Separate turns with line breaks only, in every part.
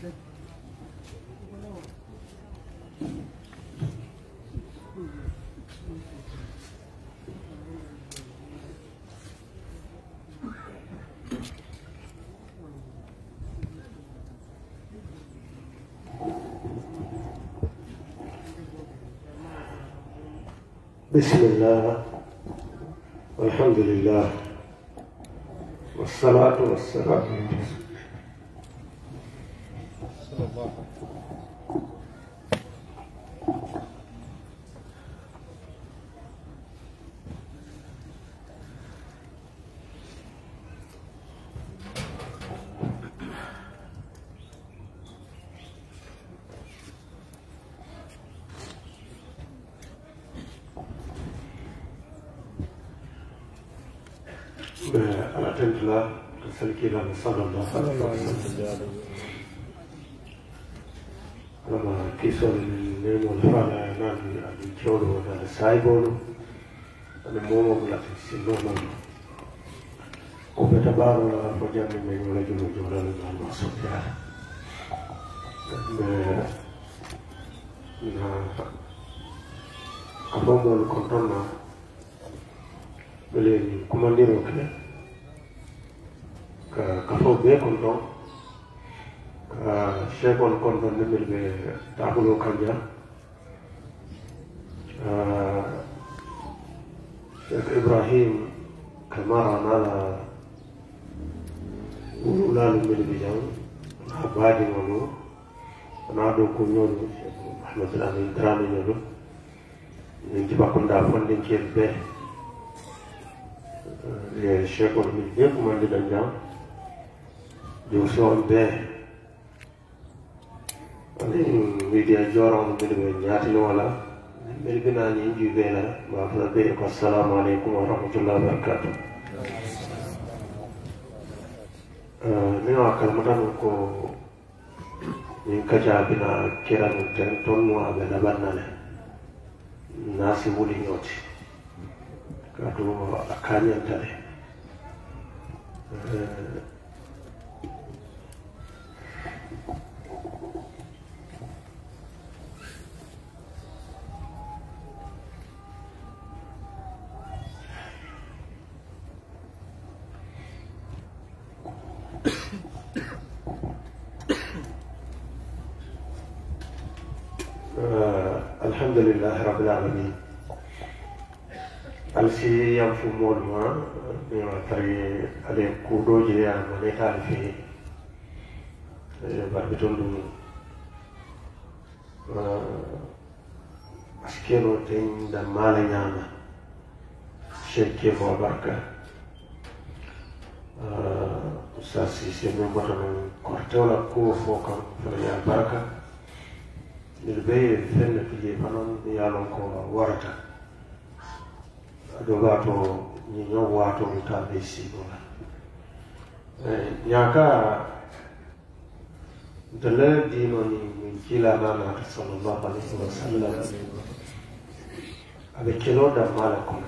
بسم الله والحمد لله والصلاة والسلام على Peygamber sallallahu aleyhi ve sellem. Ama kison nemo lafala nani adichoro na saibolo na momo la sinomo. Kupeta baro la fojani mengole julo julo na masokya. Na kabomo lukontona bele kumandiro kile. kafoɓe kon ɗo ka chefol kon ɗo nemmel ɓe takulo kanja cheikh ibrahim kamara nala wululalu mel ɓe jam na baadimolu ana ɗo kuñolu cheikh mahamadul amin daraneñolu min jibakonda fondinkeel ɓe e chefol min ɓe kumandiɗan jam joosoɓe anin wiidiya joramo mbiɗa ɓe ñaatino wala mbiɗa ɓinaani inji ɓeena mafata ɓe ko assalamu aleykum wa rahmatullah wabarakatu min wa kalmatano ko min kaja bina kiranu ten tonno aɓe laɓannane naasi wuli ñooti kadu a kañanta ɗe ah, woni wiyama mo leyta eh, no feewi mbaɗɓe toon ɗum askeno teñda maala ñaama chekke bo barka ah, sa sise min mbota noon koto tewla kuwo fo kam fota ya barka mbiɗa ɓeye fenne pije panon mi yalon ko warata aɗo wato ñiñon wato mi taɓe sigola eh, yaka dalar dinoni min kila mama sallallahu alaihi wa sallam aɓe da mala kono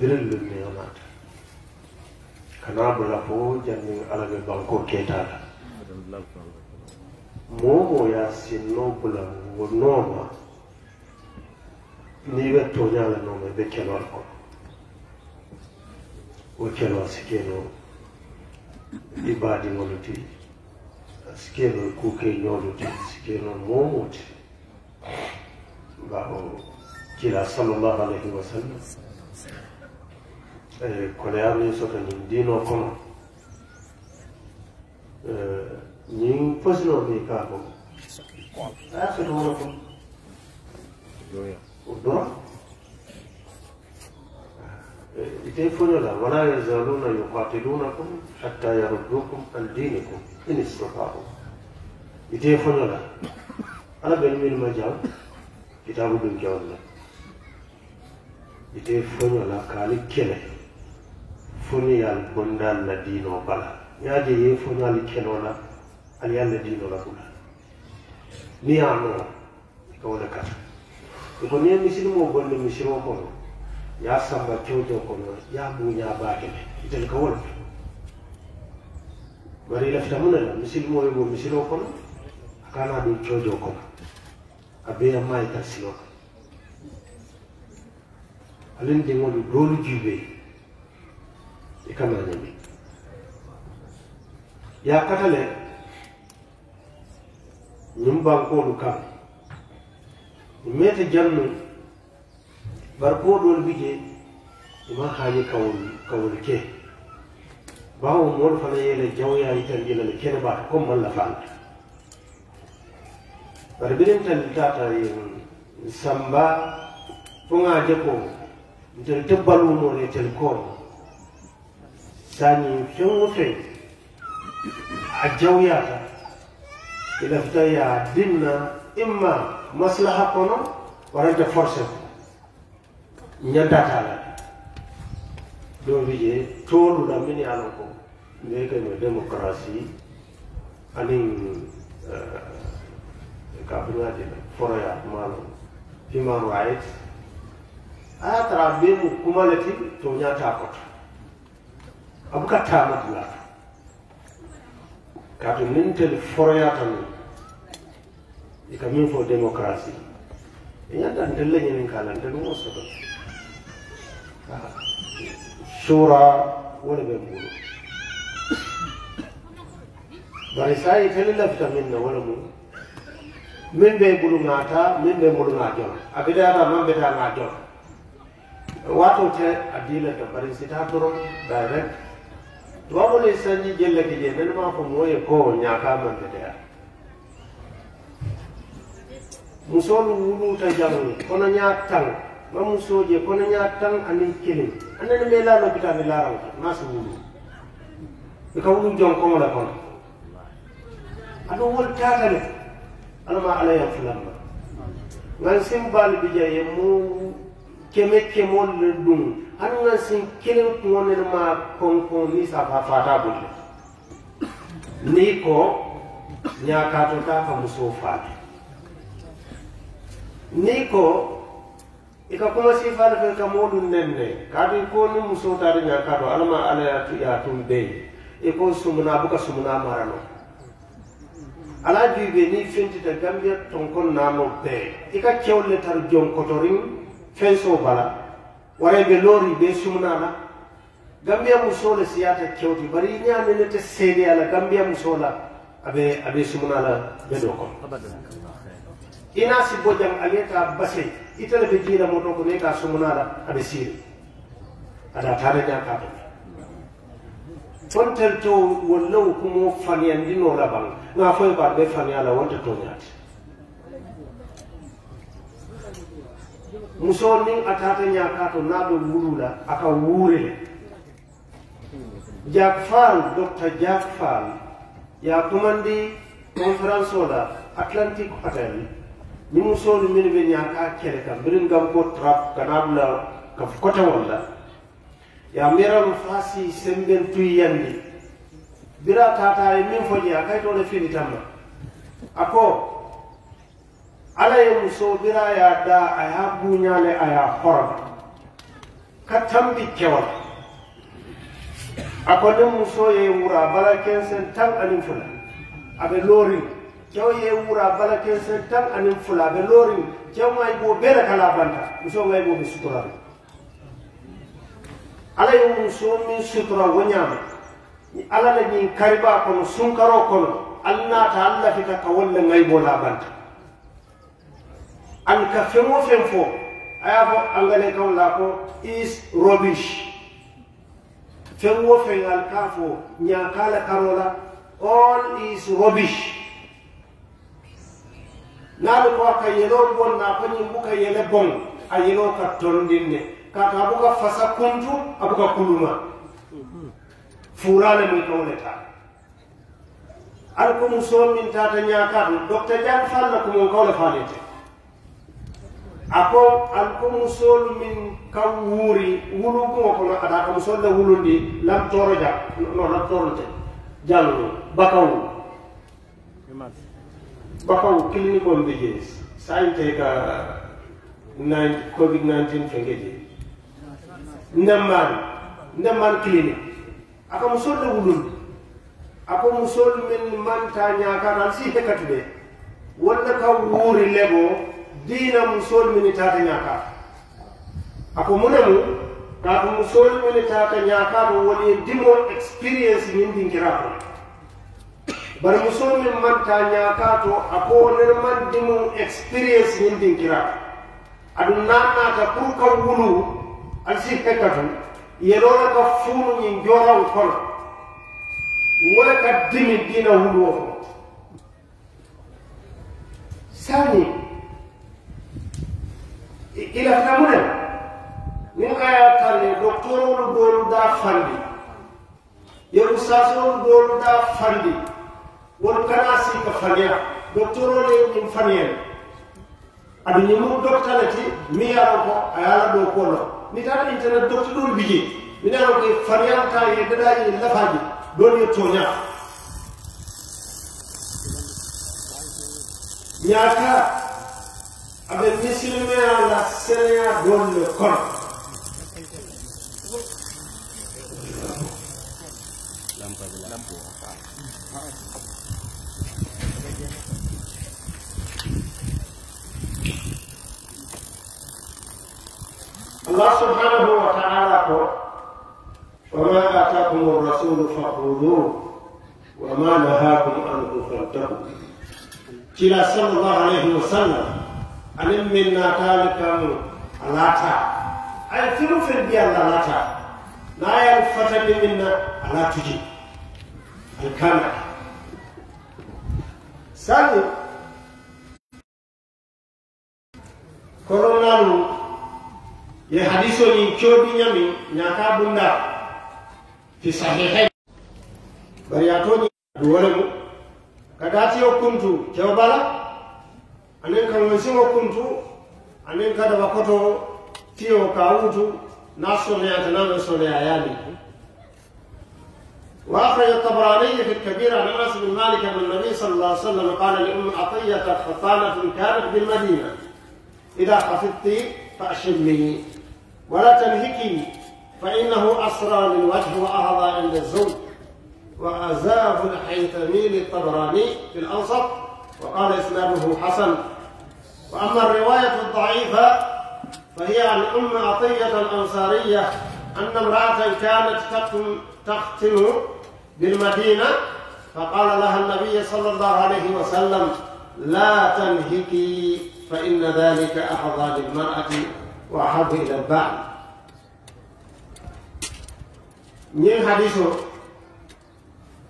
birellum ne yonata kana bula fo janni ala ɓe banko ketala momo ya sinno bula wonnoma ni ɓe toñala noma ɓe kelol kono okelo sikelo ibadi ngoluti sikelo kuke nyoluti sikelo momuti bao kila sallallahu alaihi wasallam kole ami soto nin dino kono nin posino mi kako aya soto wono ko o dora لتيفوننا ولا يزالون يقاتلونكم حتى يردوكم عن دينكم إن استطاعوا لتيفوننا أنا بالمين ما جاو كتابو دون جاونا لتيفوننا كالي كله فوني يالبندان لدينو بلا ياجي يفوني يالكنونا أليان لدينو لكولا نيانو كولا كاتا يقول نيان مسلمو بل مسلمو كولا ya samba cojo kono ya buña bakele itel ka wol bari lafta mun la misil moy mo misilo kono kana do cojo kono abe amma ita silo alin de ngol dolu jibe e kama nyami ya katale nyumba ko lu kam meta jannu برقور دول بيجي وما خاجي كون كون كه باو مور فلي يلي جوي هاي تنجيل اللي كنا بعد كم ملا فان بربين تنجيل تاتا يم سامبا فونا جكو نتن تبالو مور يتن كون ساني شو مفين أجاوية إلى فتاة دينا إما مصلحة كونو ورجع فرصة كونو ñantatala ɗo wiye toluɗa mini ala ko mbiyeteno démocratie anin eh, kafuñaji foroya malo human rights aya tara be mu kuma kumaleti to ñata abu ka ta kaatu nin ka foroyata min ika min fo démocratie e ñanta ntel leñinin kala ntel mo soto شورى ولا بنقول برسائي تللفت منا ولا مو من بيقولوا ناتا من بيقولوا ناجون أبدا ما من بدا ناجون واتو تي أديلة برسيتا ترون دايركت دوامل سنجي جل كي نن ما فهم وي كون يا كامن بدا مسول ولو تجارو كون يا تان mamun soje kono ña tan ani kelin anani me laalo bitaɓe larawta masa wulu e ka wulu jon komola kono aɗum wol tatale alama alayan fulanma ngan sin baali bija ye mu keme mon le ɗum han ngan sin kelen kuŋonen ma konkon ni fa ta bulle ni ko to ta ka so fa ni ko i ka kɔlɔsi fana fɛn ka moolu nɛnnɛ kaatu ko ni muso ta ɲa ka kado ala ma ala y'a tun bɛ i ko sumuna a bɛ ka sumuna mara ala ju bɛ ni fɛn tɛ gambiya tɔnkɔ naanɔ bɛɛ i ka cɛw le tar jɔn kɔtɔrin fɛn bala wara be bɛ be bɛ sumuna la gambia muso le siya tɛ cɛw bari i ne ne tɛ seedeya la gambia muso la a bɛ sumuna la bɛɛ dɔ kɔnɔ ina si jam ale base itele be jiila moto ko ne ka somunala aɓe siiri aɗa taraña ka ɗum fontel to wollow kumo faniyandino rabal na foye ba ɓe faniyala wonta toñaate muso nin a tata ñaka to na do wurula aka wuurele jak dr docteur jak fal ya kumandi conférence atlantic hotel ni musolu min be ñaka kele kam birin gam ko trap kanam la ka kota walla ya meralu fasi semben tuy yandi bira tata e min fo ña kay to le fini tamma ako ala ye muso bira ya da a ya buñale a ya horoma ka tambi kewal ako ni muso ye wura bala kensen tan anin fula aɓe lori. kew ye wura bala kensen tan anin fula be loorin kew ŋayi boo bee la kala banta muso ŋayi boo be sutura la ala ye muso min sutura wo ñaama ala la ñiŋ karibaa kono sunkaro kono ali ta ali fi ka wolu le ŋayi la banta an ka feŋ wo feŋ fo aya ye fo angale kaŋo la ko is rubbish feŋ wo feŋ ali ka fo ñaa ka a la all is rubbish naalu ko ka yeloo bon naa ko ñiŋ buka yele boŋ a yeloo ka tondin ne kaatu a buka fasa kuntu a buka kuluma fuuraa le muŋ kawo le taa ali ko musoo miŋ taata ñaakaatu docteur jaŋ faŋ na kumoŋ kawo le faale te a ko ali ko musoolu miŋ ka wuuri wulubuŋo kono a daa ka musoolu le wulundi lam tooro ja non lam tooro te jallu bakawu bakaw clinique on ɓe sante ka covid 19 fenge je ndemman ndemman clinique aka musol le wulul ako musol min manta ka al si hekkatuɓe wala ka wuuri lebo dina musol mini ka ñakar ako munamu kaatu musol mini ka ñakar woni dimo experience min ɗinkira kono bara musol min manta ñaaka to a ko nder mandi mum expérience min dinkira aɗum nannata pour ka wulu alsi hekka tun yeɗona ka fuunu ñi joran kono wole ka dimi dina wulu o sani ilatamune min kaya tanne docteur olu dolu da fandi yeru sasolu dolu da fandi won kana si ka fanya doktoro le nyum fanya adu nyum doktala ti mi yaro ko ayala do ko no ni tan internet doktoro bije mi na ko fanya ta ye dada ye lafaji don ye tonya nyaka abe misilme ala senya don le corps lampa de lampa. lampa. Allah subhanahu wa ta'ala ko wama atakum ar-rasul fakhudhu wama na an tufattahu kila sallallahu alaihi wa sallam alim minna talika alata ay filu fil bi alata la yafata minna alatuji الكمع sani koronaru ye hadiso ni cobi ñami ñaka bunda fi sahihay bariyatoñi duwolemu kadatiyo kuntu kew bala anin ka ŋonsiŋo kuntu anin ka daba koto tiyo ka wutu na soneyata na men وأخرج الطبراني في الكبير عن أنس بن مالك أن النبي صلى الله عليه وسلم قال لأم عطية خطانة كانت بالمدينة إذا خفضت فاشمي ولا تنهكي فإنه أسرى للوجه وأهضى عند الزوج وأزاه الحيثمي للطبراني في الأوسط وقال إسناده حسن وأما الرواية الضعيفة فهي عن أم عطية الأنصارية أن امرأة كانت تختم بالمدينة فقال لها النبي صلى الله عليه وسلم لا تنهكي فإن ذلك أحظى للمرأة وأحظى إلى البعض من حديث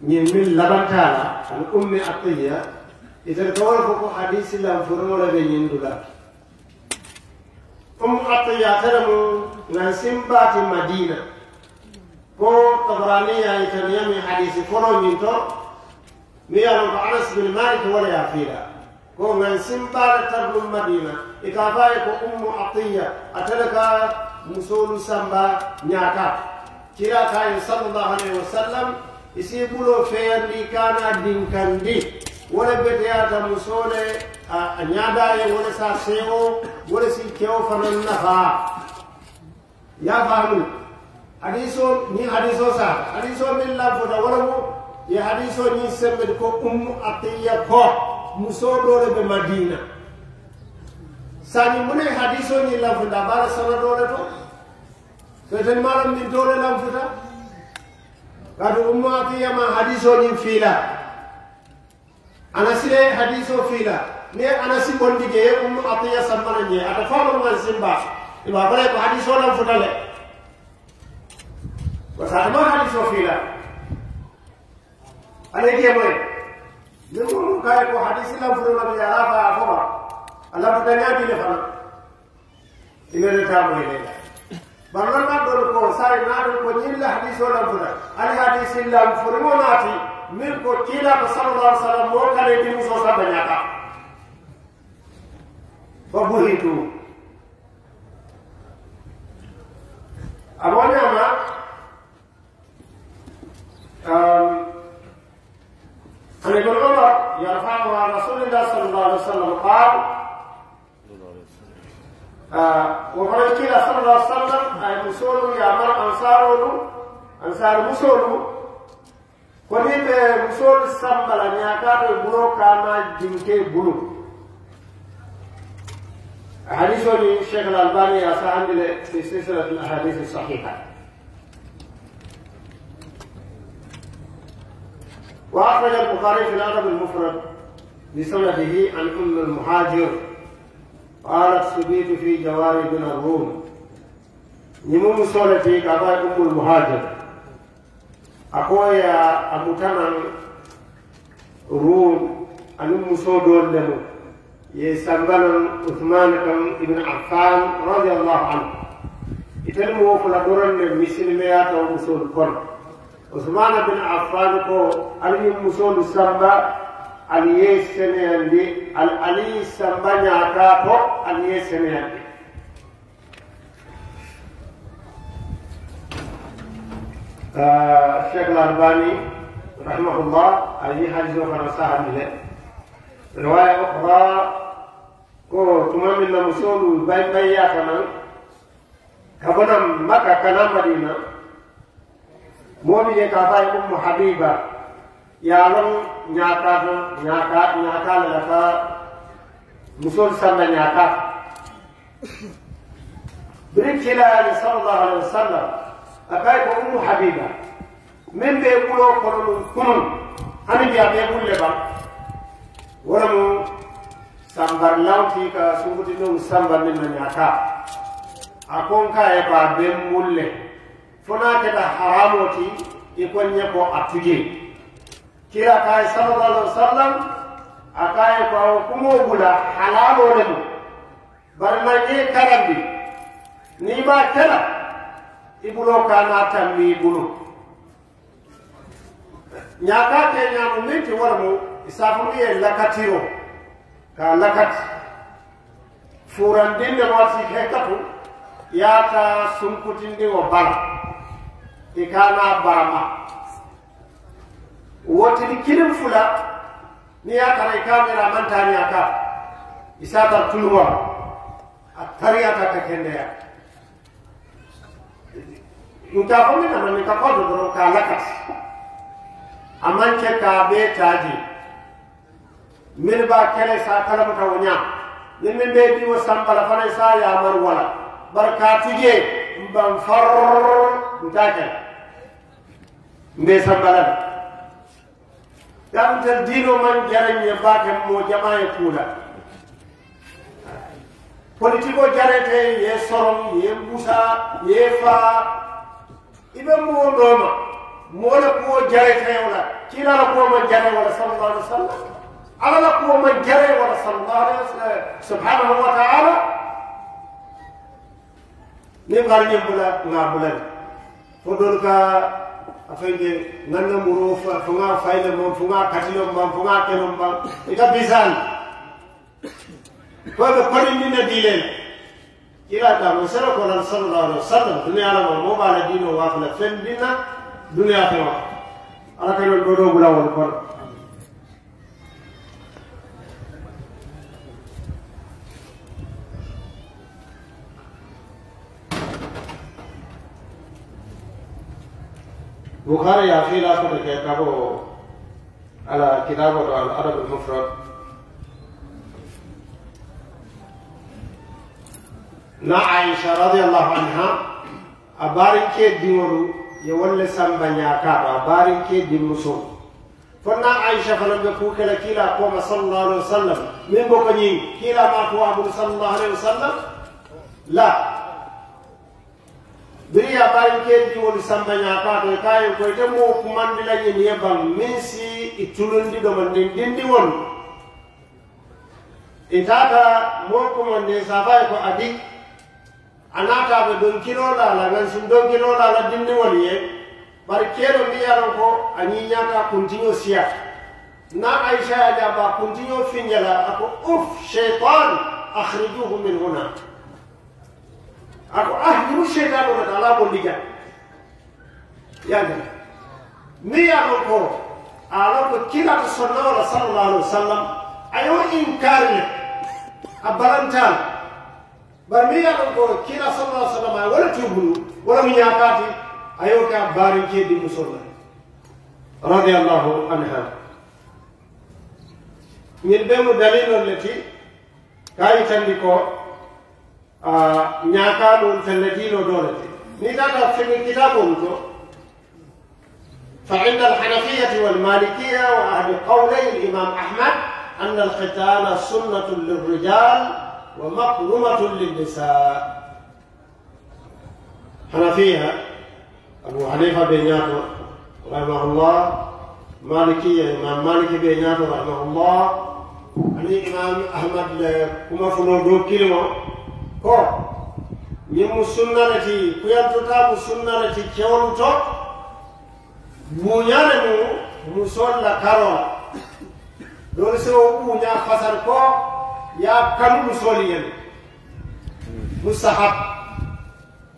من من لبن عن أم أطية إذا كان حديث لم فرور بين دولار kum hatta ya taramu nan simbati madina ko tabrani ya itaniya mi hadisi foro nyinto mi ya no anas bin malik wala ya fira ko nan simbara tarbu madina ikafaye ko ummu atiya atalaka musulu samba nyaka kira kayin sallallahu alaihi wasallam isi bulo feyandi kana dinkandi wole beteyata muso le a ñaada ye wole sa sewo wole si kewo fanaŋ nafaa ya faamu hadiso ñiŋ hadiso sa hadiso miŋ la fota wole mu ye hadiso ñiŋ sembeti ko ummu atiya ko muso doo le be madina saani mu ne hadiso ñiŋ la fota a baala sana doo le to seteni maalam miŋ doo le lan fota kaatu ummu atiya ma hadiso ñiŋ fiila أنا سيري حديثه فيلا ني أنا سي بندي جي أم أطية سمنا ني أتفاهم أنا سيمبا إبا بلا يكو حديثه لم فتالي وسأل ما حديثه فيلا أنا جي موي نقول لك أنا حديثه لم فتالي بيا لا فأفوا ألم فتالي بيا فنا إنه أنا إليه بلغنا دول كو ساي نادو كو نيل حديثه لم فتالي أنا لم فتالي min ko kila ko sallallahu alaihi wasallam mo kale bi muso sa banyaka fa buhitu abona ma um عن ابن عمر يرفعه عن رسول الله صلى الله عليه وسلم قال وقال كلا صلى الله عليه وسلم أي مسول يا مر أنصاره أنصار مسوله كوني مي مسول سامبالا نياكار بلو كاما جنكي بلو حديث الشيخ الألباني أصحاب في سلسلة الأحاديث الصحيحة وأخرج البخاري في الأدب المفرد بسنده عن أم المهاجر قالت سبيت في جوار بن الروم نمو سولتي كفاية أم المهاجر akoya amutanan rum anum muso dol lemu ye sambalan uthman kam ibn affan radiyallahu anhu itel mo fula doron ne misilmeya taw musol kon uthman bin affan ko alni musol samba aliye seneyandi al ali samba nyaaka ko aliye seneyandi الشيخ الألباني رحمه الله أي حديث أخرى سهل إليه رواية أخرى ko tuma min na musolu bay bay ya kana kabana maka kana madina moni ye ka fay ummu habiba ya lon nyaaka to nyaaka nyaaka la ka musol sanna nyaaka bir kila sallallahu alaihi wasallam aɓay ko ummu habiba min ɓe ɓulo kono ɗum kunun hami mbiya ɓe ɓulle ba wolamo sambar lawti ka sumbuti ɗum sambar min no ñaata a kon ka e ba ɓen ɓulle fona keta haramoti e kon ñe ko a tuje kira ka e salallahu alih wa sallam a ka e ko awo kumo ɓula halaɓo le mo bare ma ƴe karandi ni ma kela ibulo kana tammi bulu ñaakaa ke ñaamu miŋ ti wo lemu i saafulu lakatiro ka lakati fuurandinde waati he katu yaata sunkutindi wo bala i kaanaa barama wotini kiliŋ fula ni ya a tara i kaa mira a maŋ taa ñaaka i saata tuluwa a tariyata ka nka na ne nana nin ka kɔ dɔ k'a lakasi a man cɛ sa kalam ka wanya ɲa be di o san bala fana sa ya yamari wala bari k'a tigi ye n ban farrrr bala la dabutal diino man jara ɲɛ b'a kɛ mɔɔ jama politiko jarete ye sɔrɔ ye busa ye faa ibe mo noma mo la ko jare tayola ci la ko ma jare wala sallallahu alaihi wasallam ala la ko ma jare wala sallallahu alaihi wasallam subhanahu wa ta'ala ni ngal ni bula nga bula fo dol ka afenge nanga muro fa fo nga fayle mom fo nga katilo mom fo nga kelom mom ita bisan ko ko ni na dilen kiwa ta mo sero ko lan sallallahu alaihi wasallam dunya la mo ba la dino wa fa fen dinna dunya ta ma ala ka do do bula wal kon بخاري يا أخي لا أخذ كتابه على كتابه الأدب المفرد na aisha radiyallahu ನಾ ಆಯಿಷಾ ರದಿಯಲ್ಲಾಹು ಅನ್ಹಾ ಅಬಾರಿಕೆ ದಿವರು ಎವೊಲ್ಲೆ ಸಂಬಂಯಾಕ ಅಬಾರಿಕೆ ದಿಮ್ಮುಸು fonna aicha fana ɓe kukela kiila koma sallallahu alayhi wa sallam min bo koñi kiila matuwa mum sallallahu alayhi wa sallam la ka to kai woni ta mu kuma bila yin ya e ban min si i tulundiɗoman ndin dindi won e tata mo kumande safaye ko adi anata be don kilo la la nan sin don kilo la la dinni waliye bar kero mi yaron ko ani nyata kuntinyo siya na aisha ya da ba kuntinyo finjala ako uf shaytan akhrijuhu min huna ako ahdiru shaytan ko tala bondiga yaga mi yaron ko ala ko kila to sallallahu alaihi wasallam ayo inkari abarantala برمي أنا أقول كلا صلى الله عليه وسلم ولا تقولوا ولا من يأكاتي أيوة كبارين كي دي مسلمة رضي الله عنها من بين دليل التي كاي تنديكو نياكانو تلدينو دولتي نيكانا في كتابهم فعند الحنفية والمالكية وأهل قولي الإمام أحمد أن الختان سنة للرجال ومحرمة للنساء حنفية أبو حنيفة بيناتو رحمه الله مالكية إمام مالك بيناتو رحمه الله ani imam ahmad le kuma funo do kilimo ko ñimu sunnanati kuyantuta mu sunnanati kewlu to buñane mu musol la karola dori so buña fasar ko يا كم مسؤولين مستحب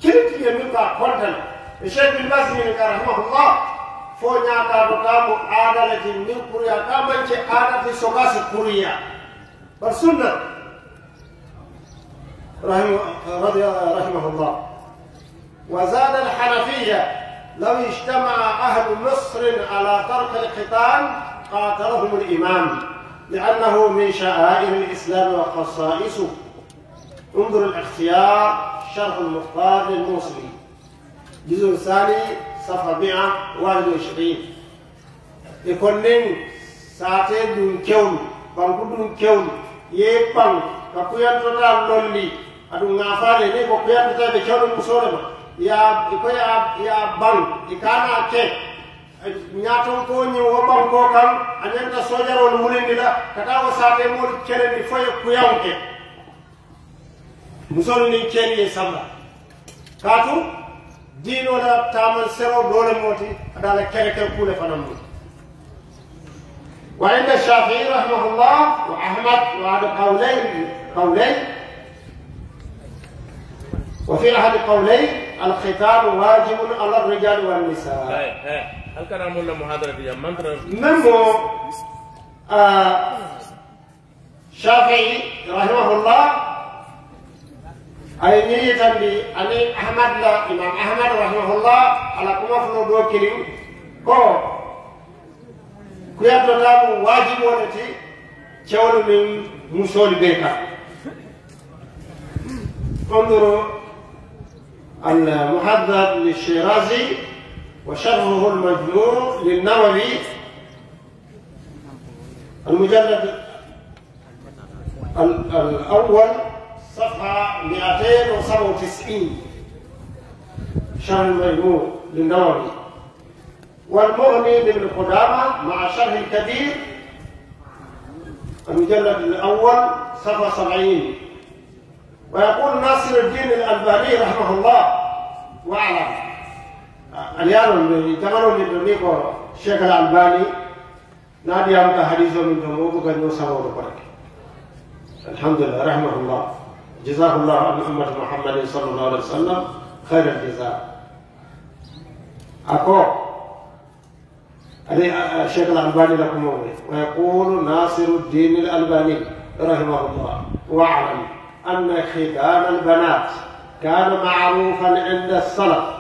كلت يمكا كونتن الشيخ بن باز من رحمه الله فونيا كابو كابو عادلة من كوريا كابو كي عادلة سوكاس كوريا برسولنا رحمه, رحمه الله وزاد الحنفية لو اجتمع أهل مصر على ترك القتال قاتلهم الإمام لأنه من شعائر الإسلام وخصائصه انظر الاختيار شرح المختار للموصلي الجزء الثاني صفحة 121 يكون ساعتين دون كون بانكو دون كون يبان كقيان تدا لولي أدو نافالي نيكو قيان تدا بكون مصورة يا يا يا بان يكانا كيك ñaaton ko ñi wo bam ko kan anen da sojarol mulindi la kata wo sate mol kene ni foye kuyanke musol ni kene ye samba katu dino la tamal sero dole moti adala kene kene kule fanam وعند الشافعي رحمه الله وأحمد وعلى قولين قولين وفي أحد قولين الختان واجب على الرجال والنساء. الكلام ولا محاضرة فيها منتر نمو آه شافعي رحمه الله أي نية أني أحمد لا إمام أحمد رحمه الله على كما فنو دو كريم كو كيات لام واجب ونتي تشاور من مسول بيكا انظروا المحدد للشيرازي وشرحه المجموع للنووي المجلد الأول صفحة 297 شرح المجموع للنووي والمغني لابن قدامة مع شرح الكبير المجلد الأول صفحة 70 ويقول ناصر الدين الألباني رحمه الله وأعلم اليارون يتمرون لدونيكو الشيخ الألباني نادي أمك حديثه من جمهور كنو سمور بركة الحمد لله رحمه الله جزاه الله عن محمد محمد صلى الله عليه وسلم خير الجزاء أكو الشيخ الألباني لكم ويقول ناصر الدين الألباني رحمه الله واعلم أن خدام البنات كان معروفا عند السلف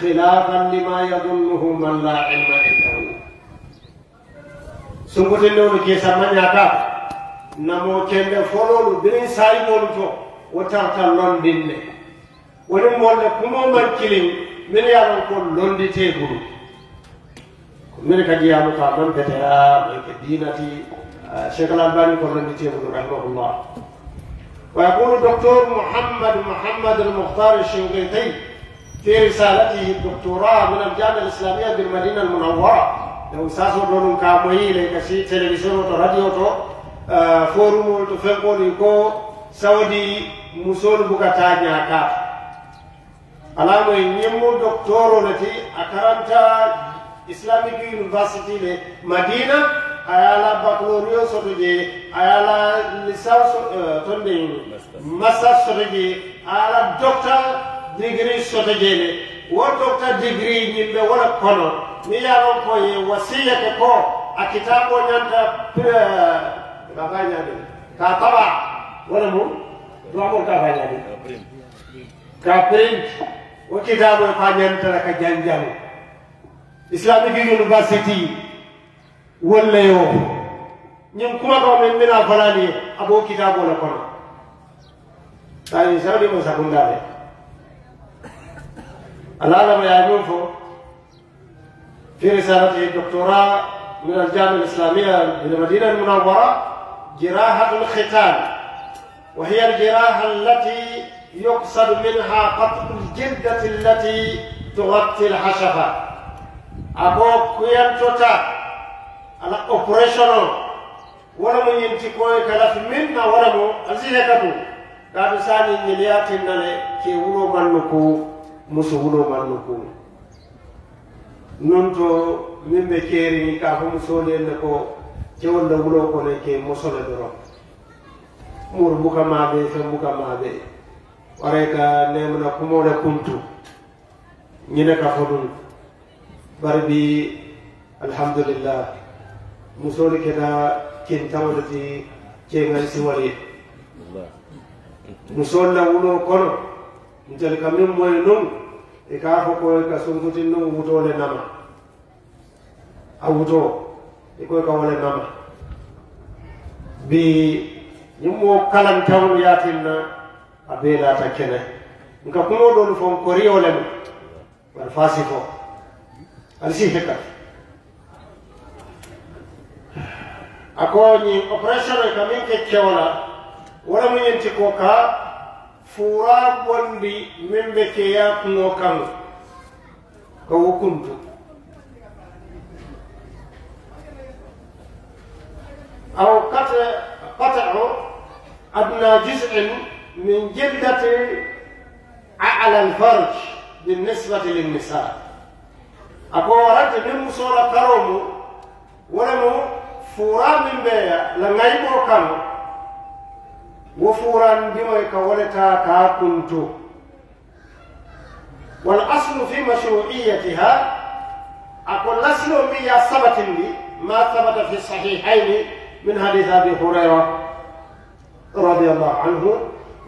خلافا لما يظنه من لا علم عنده سنكتنون كي سمان ياتا نمو كند فلول بين ساي مولتو وتاتا لندن ولم ولد كمو من كلم من يعلم كل لندن تيبرو من كجي يالو كامن بتيا دينتي شكل الباني كل لندن تيبرو رحمه الله ويقول الدكتور محمد محمد المختار الشنقيطي في رسالته الدكتوراه من الجامعة الإسلامية بالمدينة المنورة لو ساسو دونو كاموي لكسي تلفزيون تو راديو تو آه، فورم تو فنكو نيكو سعودي مسول بوكاتا نياكا علامو نيمو دكتورو نتي أكرمتا Islamic University le Madina ayala baccalaureate soto je ayala licence tonde master soto je ayala doctor digiri soto jele wortokta digiri ñiŋ be wo kono mi ye a loŋ ko ye wasiya ke ko a kitaaboo ñanta kaka ñaami ka taba wala le mu tubaabolu ka fa ñaami ka print wo kitabo fa ñanta ka janjaŋo islamic university wolu le yo ñiŋ kuma kawo meŋ mina fanaani ye a b'o kitaaboo le kono taani sawdimo sakundaa le العالم يعيوفو في رسالته الدكتوراه من الجامعة الإسلامية بالمدينة المنورة جراحة الختان وهي الجراحة التي يقصد منها قطع الجلدة التي تغطي الحشفة أبو كويان توتا على أوبريشنال من ينتقوي كلاف منا ولا ولم أزيدكتو قادو ساني نالي كي ولو منكو musu wulo mannu ko non to min ɓe keerini ka fo musolen ne ko cewolla wulo kone ke mosole doron mur buka be fe buka be. waray ka nemna kumole kuntu ñine ka barbi alhamdulillah. bari bi alhamdulillah musoli keta kintawodeti ceŋan siwal ye musol la wulo kono njel ka min moye e ka e fo e ko ka sunkutin nun wuto le nama a wuto i koy ka wo nama bi ñiŋ m'o kalantaŋolu yaatin na a bee kene nka kumoo doolu fo koriyo le mu bari faa si fo ali si hikka a ko ka ke kewo la wo le ko فرابون بي من بكياب نوكم كو كنت أو قطع قطع أدنى جزء من جلدة أعلى الفرج بالنسبة للنساء أبو رد من مصورة كرومو ولمو فرام بيا لما يبقى كامو wo furandiŋo ye ka wo le taa ka a kuntu walaslu fi mashruiyatiha a ko lasilo miŋ ye a sabatindi ma sabata fi sahihaini min hadith abi hurayra radiallahu anhu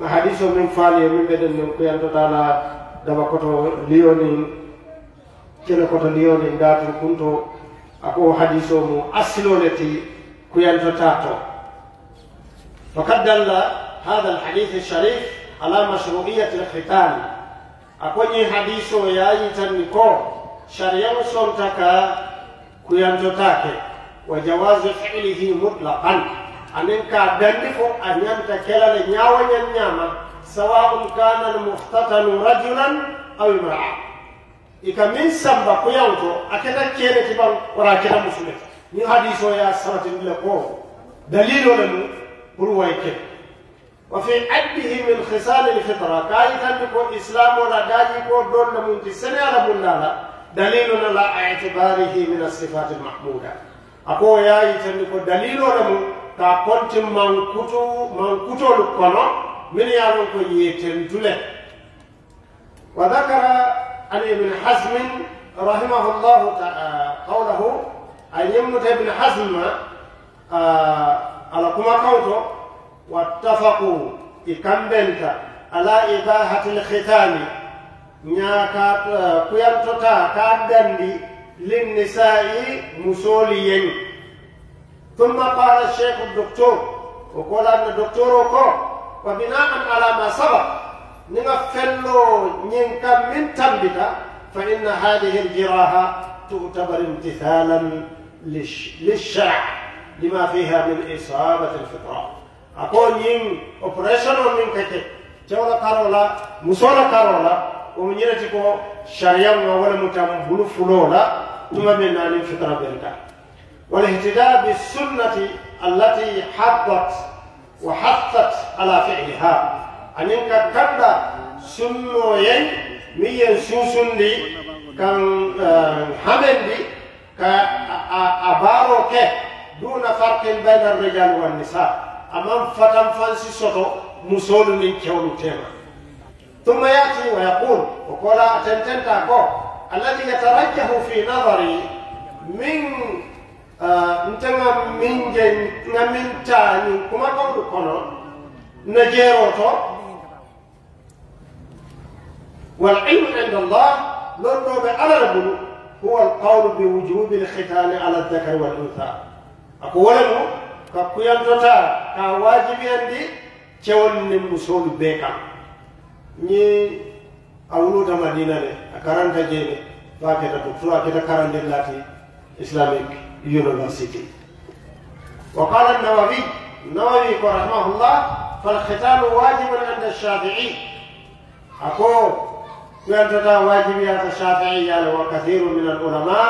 ma hadiso min faali ye min be den nin kuyantota la daba koto liyo nin kele koto liyo nin daatu kunto a ko hadiso mu asilo le ti kuyantota to فقد دل هذا الحديث الشريف على مشروعية الختان أكوني حديث وياي تنكو شريع سلطك كيانتتاك وجواز فعله مطلقا أنك كادنف أن ينتكل لنياوى ينياما سواء كان المختتن رجلا أو امرأة إذا من سبب كيانتو أكتا كيرتبا وراكتا مسلمة من حديث ويا سرطن لكو دليل لنو برويك وفي عده من خصال الفطرة كايتا كو إسلام رداجي كو دون نمونتي سنة ربنا دليل على اعتباره من الصفات المحمودة أكو يا يتن كو دليل نمو تا كنت من كتو لقنا من يارون كو يتن دولة وذكر علي بن حزم رحمه الله قوله أن يمت ابن حزم آه ala kuma kawto wattafaqu i على إباحة الختام lkhitami ña ka kuyantota ka ثم قال الشيخ الدكتور وقال أن الدكتور وقال وبناء على ما سبق نغفلو نينكا من تنبتا فإن هذه الجراحة تعتبر امتثالا للشرع لما فيها من إصابة الفطرة أقول يم أوبريشن ومن كتك جولا كارولا مسولا كارولا ومن يرتكو شريان ولا بلو فلولا ثم من الفطرة بنتا والاهتداء بالسنة التي حطت وحثت على فعلها أنك كبدا سنوين مين سوسن دي كان آه، حمل دي كأبارو كه دون فرق بين الرجال والنساء أمام فتن فانسي سوتو مسول من كيولو تيما ثم يأتي ويقول وقال أتنتن تاكو الذي يترجح في نظري من نتنا آه من جن نمن تاني كما قلت كنا نجيروتو والعلم عند الله لونه بألربو هو القول بوجوب الختان على الذكر والأنثى ako wolemo ka kuyantota ka waajibiyandi cewol nin musoolu bee kan ñi a wuluta madina ne a karanta jeene fo a keta docteur a keta karanden laati islamique university وقال النووي النووي رحمه الله فالختان واجب عند الشافعي أكو كنت واجبيات الشافعية وكثير من العلماء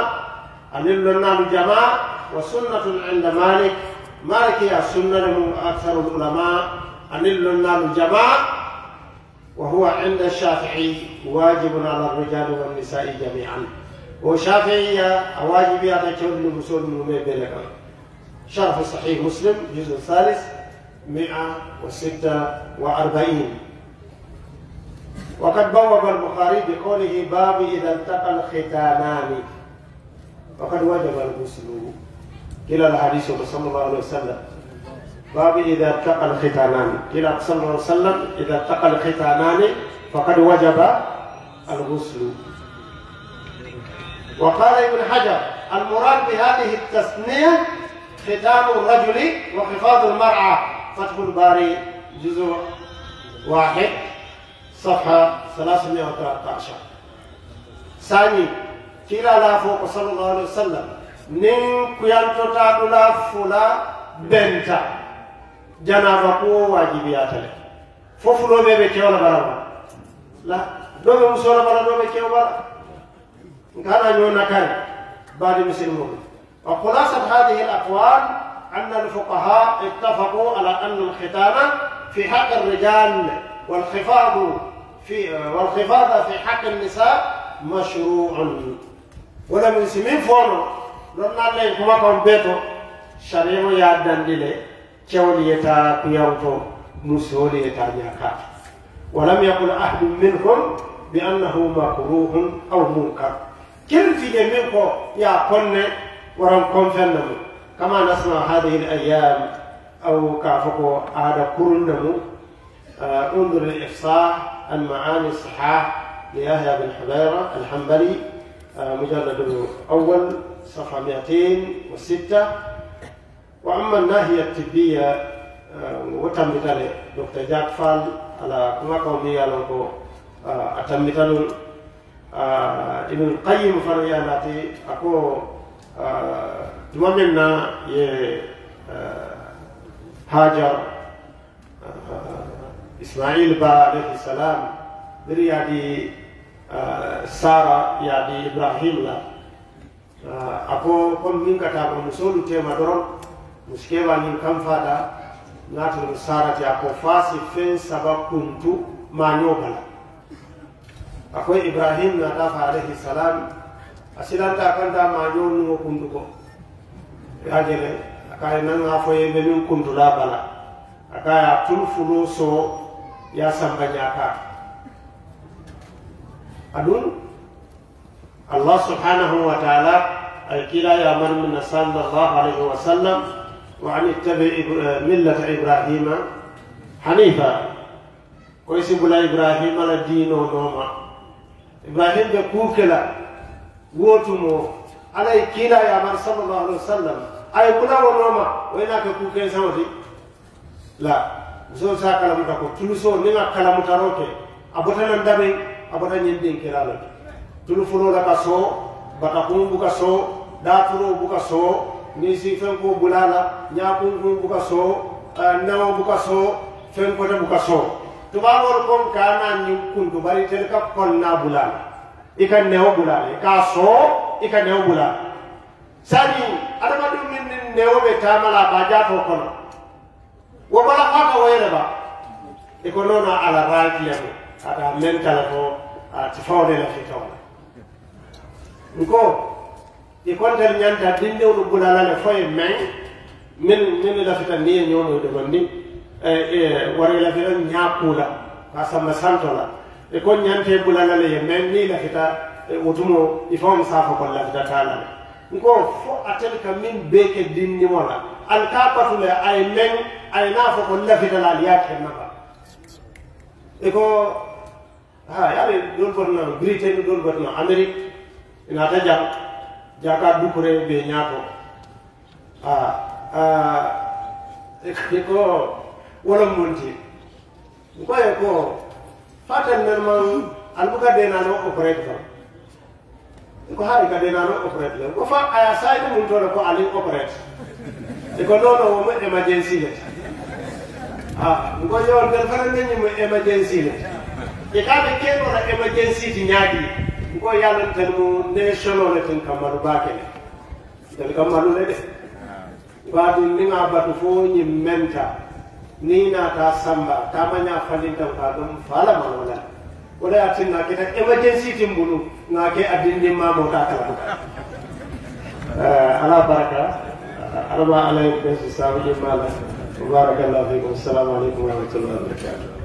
أن النام جماعة وسنة عند مالك مالك يا سنة أكثر العلماء أن النار جماعة وهو عند الشافعي واجب على الرجال والنساء جميعا وشافعية واجب يتكون لمسلم ومبلغ شرح صحيح مسلم جزء الثالث 146 وقد بوب البخاري بقوله باب إذا التقى الختانان وقد وجب الغسل إلى الحديث صلى الله عليه وسلم باب إذا التقى الختانان قيل صلى الله عليه وسلم إذا التقى الختانان فقد وجب الغسل وقال ابن حجر المراد بهذه التسمية ختان الرجل وحفاظ المرأة فتح الباري جزء واحد صفحة 313 ثاني قيل لا فوق صلى الله عليه وسلم نين كيان توتا دولا فولا بنتا جانا بقو واجبي اتل فوفلو بي بي كيو لا بارا لا دو مو سولا بارا دو بي كيو بارا كانا نيو نكار بعد مسلمون وخلاصة هذه الأقوال أن الفقهاء اتفقوا على أن الختام في حق الرجال والخفاض في والخفاض في حق النساء مشروع ولم يسمين فورو دون الله كم كم بيتو شريمو يا دانديلة كأولي تا بيانتو نسولي تا نيكا ولم يكن أحد منهم بأنه مكروه أو منكر كل في منكم يا كن ورم كم فنم كما نسمع هذه الأيام أو كافكو هذا كرندم انظر الإفصاح عن معاني الصحاح لأهل بن حبيرة الحنبلي مجلد الاول صفحة 206 وأما الناحية الطبية آه، وتم مثال دكتور جاك فال على كما قوم يالونكو آه، أتم مثال آه، ابن القيم فرياناتي أكو تمامنا ي هاجر إسماعيل با عليه السلام بريادي سارة يعني إبراهيم لا Ah, a ko comme min katama musolu tema doron musikeba min kam fata natum sarati a ko fasi fen saba kuntu maño bala akoye ibrahim ta fa alayhi salam a kan ta maño nugo kuntu ko yajele akaye nanga ye be min la bala akaya tul fulo so ya samba ñaka adun allah subhanahu wa taala أي قيل يا من من صلى الله عليه وسلم وعن اتبع ملة إبراهيم حنيفا ويسب لا إبراهيم على الدين ونوما إبراهيم بكوكلا ووتمو على قيل يا من صلى الله عليه وسلم أي كلا ونوما وإنك كوكلا سوتي لا زور ساكلا متكو تلسو نينا كلا متروكي أبوتنا ندمي أبوتنا يندين كلا لك تلفلو لك سو batakun buka so daturo buka so nisi fenko bulala ñakunkun buka so eh, nawo buka so fenkota buka so tubabor kon kana ñin kuntu bari tel ka konna bulala ika newo bulala ika so ika newo bulala sadi adamadu min nin newo be tamala ba jato kono wo bala kaka wayre ba iko ala rakiya ata Ada mental to ati fawde la fitawla nko i kontel ñanta dindiwlu bulalale foye meŋ min min lafita niŋ ye ñoomo domandi lafita ñaakuu ka samba santo la ko ñante bulalale ye meŋ niŋ lafita wutumo i faŋo saa ko lafita taa nko fo atel ka min bee ke dindimo la ka batu le a ye meŋ ko lafita la ali ke nafa i ko ha yaari doolu batu britain doolu batu na inata jak jaka dukure be nyako a a e e ko wala multi ko e ko fatan nan man albuka de nano operate ko ko hari ka de nano operate e ya le ko fa aya sai ko mun to ko ali operate e ko no no mo emergency le ah ko yo del fanan ni mo emergency le e ka be ke no emergency di nyaadi ko yalan tan mu nation le tan kamaru bake tan kamaru le de di ni nga batu fo ni menta ni na ta samba ta nya fali tan ka dum fala ma wala da tin na ke emergency tin bulu na ke adin ni ma mota ta ala baraka ala ala ala besi sabu mala barakallahu fikum assalamu alaikum warahmatullahi wabarakatuh